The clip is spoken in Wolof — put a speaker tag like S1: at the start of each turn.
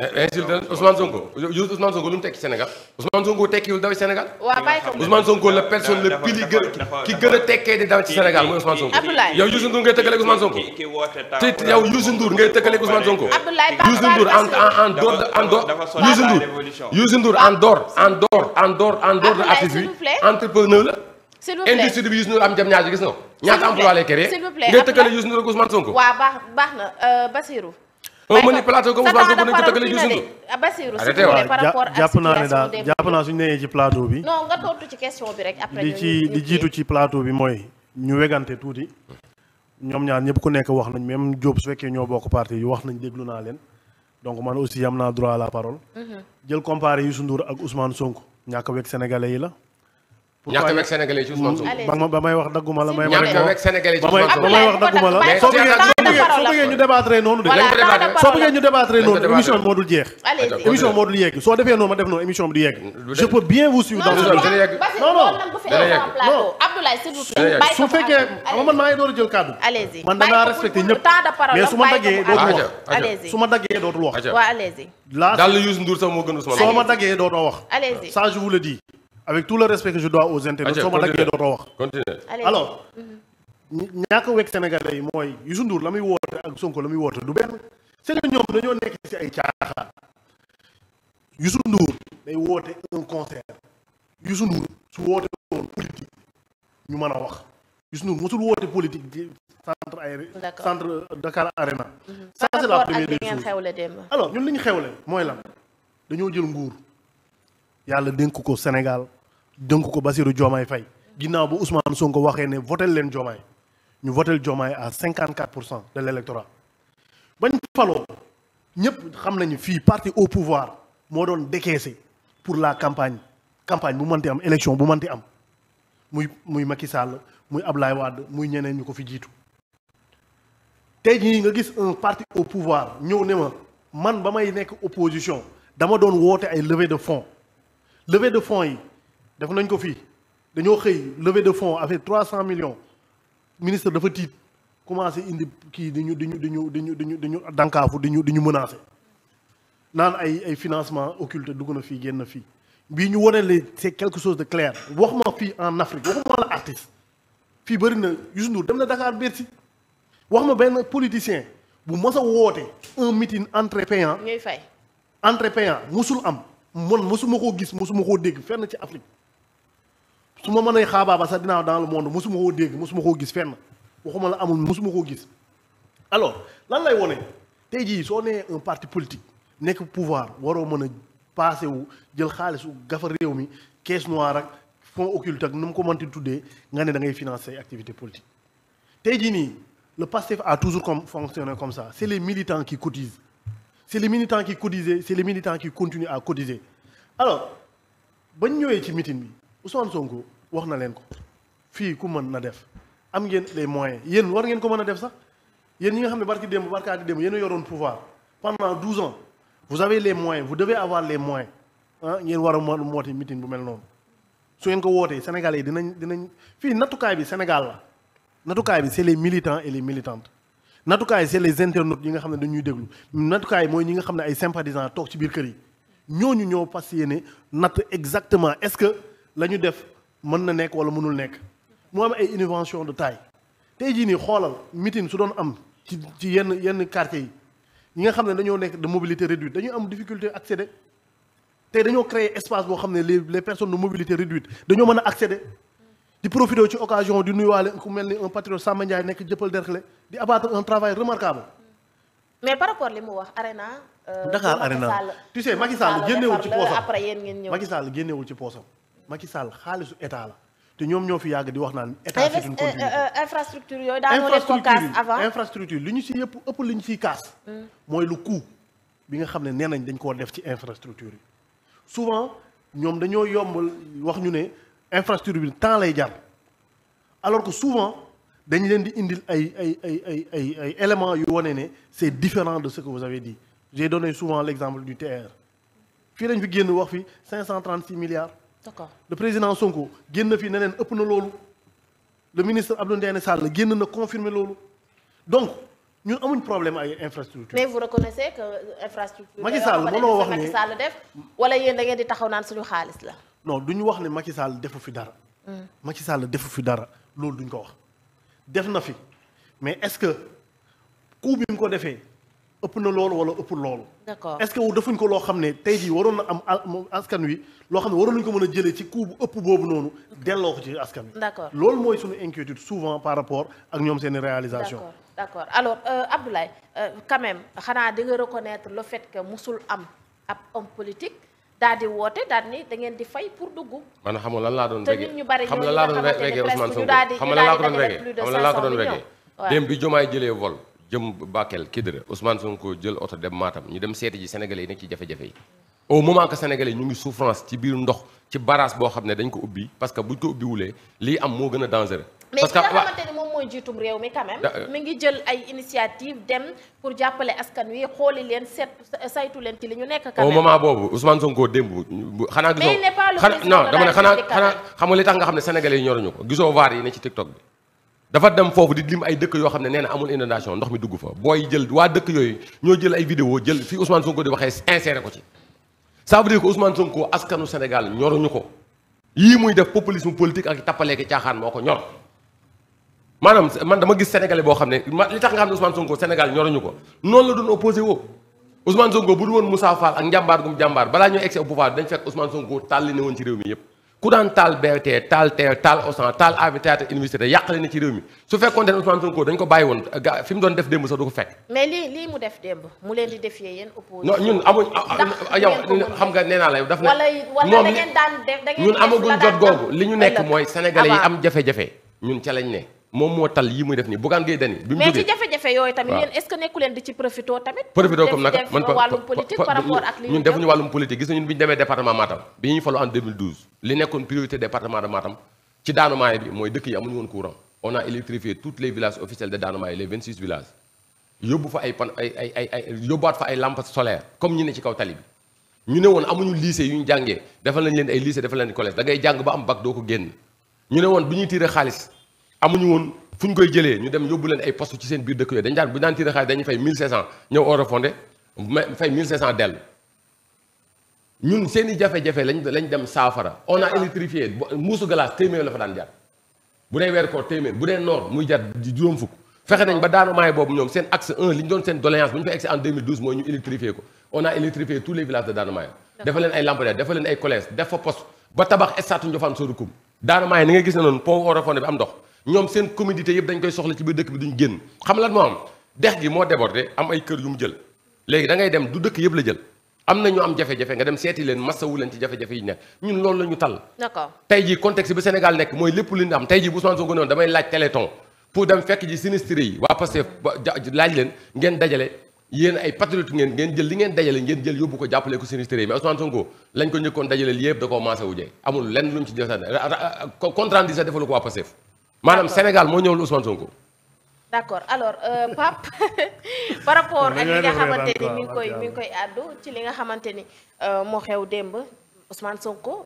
S1: résultat eh, Ousmane Sonko juste Ousmane Sonko lu mu tekki Sénégal Ousmane Sonko tekkiwul daw ci Sénégal. waaw bàyyi ko Ousmane Sonko la personne la pili gën ki gën a tekkee di daw ci Sénégal mooy Ousmane Sonko. yow Youssou Ndour ngay tëkkaleeg Ousmane Sonko. te yow Youssou Ndour ngay tëkkaleeg Ousmane Sonko. Youssou Ndour en en dehors en dehors Youssou Ndour Youssou
S2: Sonko. ma ni ah, jàpp naa ne daal jàpp naa suñu
S3: nee ci plateau bi.
S2: li ci li jiitu
S3: ci plateau bi mooy ñu wegante tuuti. ñoom ñaar ñëpp ku nekk wax nañ même Diop su fekkee ñoo bokk parti yi wax nañ déglu naa leen donc man aussi yam naa droit la parole. Mhm. jël comparé Youssou Ndour ak usmaan Sonko ñàkk a wekk sénégalais yi la.
S1: ñaxte wek sénégalais ci Ousmane Sonko
S3: ba may wax dagguma la may wax ñaxte wek sénégalais ci Ousmane Sonko ba may wax dagguma la soo bëggee ñu débattre noonu de soo bëggee ñu débattre noonu émission bi moo dul jeex émission bi moo dul yegg soo defee noonu ma def noonu émission bi du yegg je peux bien vous suivre dans non non non
S2: Abdoulaye su fekkee
S3: xam man maa ngi door a jël
S2: kàddu
S3: man dangaa respecté ñëpp mais su ma daggee dootul wax su ma daggee dootul wax la daal Youssou Ndour sax moo gën Ousmane soo ma daggee dootoo wax ça je vous le dis avec tout le respect que je dois aux internautes soo ma daggee dootoo wax
S1: continue alors
S3: ñàkk wekk sénégalais yi mooy Youssou Ndour la muy woote ak Sonko la muy woote du benn c'est que ñoom dañoo nekk ci ay caaxaan Youssou Ndour day woote un concert Youssou Ndour su woote woon ñu mën a wax Youssou Ndour mosul woote politique di centre aéré centre Dakar Arena mhm. ça c'est la première des
S2: choses
S3: alors ñun li ñu xewle mooy lan dañoo jël nguur yàlla dénk ko Sénégal dënk ko Bassirou Diomaye fay ginnaaw ba Ousmane Sonko waxee ne votel leen Diomaye ñu votel Diomaye à 54 pour cent de l' bañ faloo ñëpp xam nañu fii parti au pouvoir moo doon décaissé pour la campagne campagne bu mënti am élection bu mënti am muy muy Macky Sall muy Ablaye Wade muy ñeneen ñu ko fi jiitu tey jii nga gis un parti au pouvoir ñëw ne ma man ba may nekk opposition dama doon woote ay levée de fonds levée de fonds yi def nañ ko fii dañoo xëy levée de fonds avec trois cent millions ministre dafa tiit commencé indi kii di ñu di ñu di ñu di ñu di ñu di ñu dànkaafu di ñu di ñu menacé naan ay ay financement occulte dugg na fii génn fii bii ñu wane la c'est quelque chose de clair wax ma fii en Afrique waxuma la artiste fii bëri na Youssou dem na Dakar Bercy wax ma benn politicien bu mos woote un meeting entrée payant. ñuy fay entrée payant mosul am man mosuma koo gis mosuma koo dégg fenn ci Afrique. su ma mën mënee xaabaaba sax dinaa dans le monde mosuma koo dégg mosuma koo gis fenn waxuma la amul mosuma koo gis alors lan lay wone tey jii soo nee un parti politique nekk pouvoir waroo mën a paase wu jël xaalisu gafar réew mi caisse noire ak fonds occulte ak nu mu ko mënti tuddee nga ne da ngay financer activité politique tey jii nii le PASTEF à toujours comme fonctionné comme ça c' est les militants qui cotisent c' est les militants qui cotisent c' est à cotiser alors bañ ñëwee ci meeting bi Ousmane Sonko wax na leen ko fii ku mën na def am ngeen les moyens yéen war ngeen ko mën a def sax yéen ñi nga xam ne barki démb barkaati démb yéen a yoroon pouvoir pendant douze ans vous avez les moyens vous devez avoir les moyens ah, ngeen war a mën moote mitin bu mel noonu su ngeen ko wootee Sénégalais yi dina dinañ fii nattukaay bi Sénégal la nattukaay bi c'est les militants et les militantes nattukaay c'est les internautes yi nga xam ne dañuy déglu nattukaay mooy ñi nga xam ne ay sympathisants toog ci biir kër yi ñooñu ñoo fas yéene natt exactement est-ce que la ñu def mën na nekk wala mënul nekk mu am ay innovation de taille tey jii nii xoolal meeting su doon am ci ci yenn yenn quartier yi ñi nga xam ne dañoo nekk de mobilité réduite dañuy am difficulté accéder tey dañoo créer espace boo xam ne les les personnes de mobilité réduite dañoo mën a accéder di profité ci occasion di nuyuwaale ku mel ni un patriote Samba Ndiaye nekk jëppal derkle di abattre un travail remarquable.
S2: mais par rapport li mu wax Arena.
S3: Euh, Dakar Arena tu sais Macky Sall génnewul ci poosam après yéen ngeen ci poosam. Macky Sall xaalisu état la te ñoom ñoo fi yàgg di wax naan état c'est une euh, continuité euh,
S2: infrastructure yooyu daanoo def ko kaas avant
S3: infrastructure li ñu si yëpp ëpp li ñu siy kaas mm. mooy lu coût bi nga xam ne nee nañ dañ koo def ci infrastructure yi souvent ñoom dañoo yombal wax ñu ne infrastructure bi temps lay jar alors que souvent dañu leen di indil ay ay ay ay ay ay éléments yu wane ne c'est différent de ce que vous avez dit j'ai donné souvent l'exemple du TR fii lañ fi génn wax fi 536 milliards d'accord le président Sonko génn fii neneen ëpp na loolu le ministre Abdou Ndéné Sall génn na confirmer loolu donc ñun amuñ problème ay infrastructure mais vous
S2: reconnaissez que euh, infrastructure Macky Sall mënoo wax ne Macky Sall def wala yéen da ngeen di taxaw naan suñu xaalis la
S3: non duñu wax ne Macky Sall defu fi dara hmm. Macky Sall defu fi dara loolu duñ ko wax def na fi mais est-ce que coup bi mu ko defee ëpp na loolu wala ëpp lool d'accord est-ce que defuñ ko loo xam ne tey jii waroon na am askan wi loo xam ne waroon nañu ko mën a jëlee ci coup ëpp boobu noonu. delloo ko ci askan wi. d'accord loolu mooy suñu inquiétude souvent par rapport ak ñoom seen i réalisation. d'accord
S2: d'accord alors euh, Abdoulaye euh, quand même xanaa di nga reconnaître le fait que musul am ab homme politique. daal di woote daal ni da ngeen di fay pour dugg.
S1: man xam nga lan laa doon rege te nit ñu bari ñoo ñu nga daal di ñu di dajale plus de 500 millions xam lan laa ko doon rege xam nga ko doon rege. démb bi Diomaye jëlee jëm Bakel Kidira Ousmane Sonko jël oto dem Matam ñu dem seeti ji sénégalais yi nekk ci jafe-jafe yi au moment que sénégalais ñu ngi souffrance ci biir ndox ci barrage boo xam ne dañ ko ubbi parce que bu buñ ko ubbi wulee lii am moo gën a dangereux. parce que mais ki nga xamante
S2: ni moom euh, jël ay initiative pour jàppale askan wi xooli leen seet saytu leen ci li ñu nekk. quand même au moment
S1: boobu Ousmane Sonko démb xanaa gisoo mais il dama ne xanaa xanaa xam nga tax nga xam ne sénégalais yi ñoruñu ko gisoo vaar yi ne ci TikTok bi dafa dem foofu di lim ay dëkk yoo xam ne nee na amul inondation ndox mi dugg fa booy jël waa dëkk yooyu ñoo jël ay vidéo jël fi Ousmane Sonko di waxee inséré ko ci ça veut dire ko Ousmane Sonko askanu Sénégal ñoruñu ko yii muy def populisme politique ak tappaleeki caaxaan moo ko ñor maanaam man dama gis sénégalais boo xam ne li tax nga xam ne Ousmane Sonko Sénégal ñoruñu ko noonu la doon opposé woo Ousmane Sonko bu dul woon Moussa Fall ak njàmbaar gum jàmbaar balaa ñoo egsi au pouvoir dañ fekk Ousmane Sonko tàlli ne woon ci réew mi yëpp ku daan taal BRT taal TER taal Auchan taal AV théâtre université yàqale na ci réew mi su fekkoon ne Ousmane Sonko dañ ko bàyyi woon ga fi mu doon def démb sax du ko fekk.
S2: mais lii lii mu def démb mu leen di def yéen opposition.
S1: la yow daf ne.
S2: wala da jot googu
S1: li ñu nekk mooy sénégalais yi am jafe-jafe ñun ca ne. moom moo tal yi muy def nii Bougane Gueye Dany bi mu jógee
S2: leen
S1: di gis na ñun bi ñu demee département Matam bi ñuy falu en li nekkoon priorité département de Matam ci Daanumaay bi mooy dëkk yi amuñu woon courant on a électrifié tous les villages officiels de Daanumaay les 26 villages yóbbu fa ay pan ay ay ay ay fa ay lampes solaires comme ñu ne ci kaw tali bi. ñu ne woon amuñu lycée yu ñu jàngee defal nañ leen ay lycée defal leen collège da jàng ba am bac doo ko génn ñu ne woon bu ñuy tiire xaalis amuñu woon fu ñu koy jëlee ñu dem yóbbu leen ay poste ci seen biir ñun seen i jafe-jafe lañ lañ dem saafara on a électrifié muusu glace téeméer la fa daan jar bu dee weer koor téeméer bu dee noor muy jar juróom fukk fexe nañ ba daanu maay boobu ñoom seen axe 1 li ñu doon seen doléance bu ñu fa egsi en 2012 mooy ñu électrifié ko on a électrifié tous les villages de Daanu Maay dafa leen ay lampadaires dafa leen ay collèges def fa poste ba tabax estatu Ndiofane Sorokoum Daanu Maay ni nga gis ne noonu pont Orofondé bi am ndox ñoom seen commodité yëpp dañ koy soxla ci biir dëkk bi duñ génn xam lan moo am dex gi moo débordé am ay kër yu mu jël léegi da ngay dem du dëkk yëpp la jël am na ñu am jafe-jafe nga dem seeti leen masawu leen ci jafe-jafe yi nekk ñun loolu la tal d'accord tey contexte bi Sénégal nekk mooy lépp lu ñu am tey jii bu Ousmane Sonko noonu damay laaj téléthon pour dem fekk ji sinistré yi waa Pastef laaj leen ngeen dajale yéen ay patriote ngeen ngeen jël li ngeen dajale ngeen jël yóbbu ko jàppale ko yi mais Ousmane Sonko lañ ko njëkkoon dajaleel yëpp da koo maasé wu jee amul lenn lu mu ci jël sax contrat di sax
S2: d' accord alors euh, Pape par rapport ak li nga xamante ni mi ngi koy mi koy àddu ci li nga xamante ni euh, moo xew démb Ousmane Sonko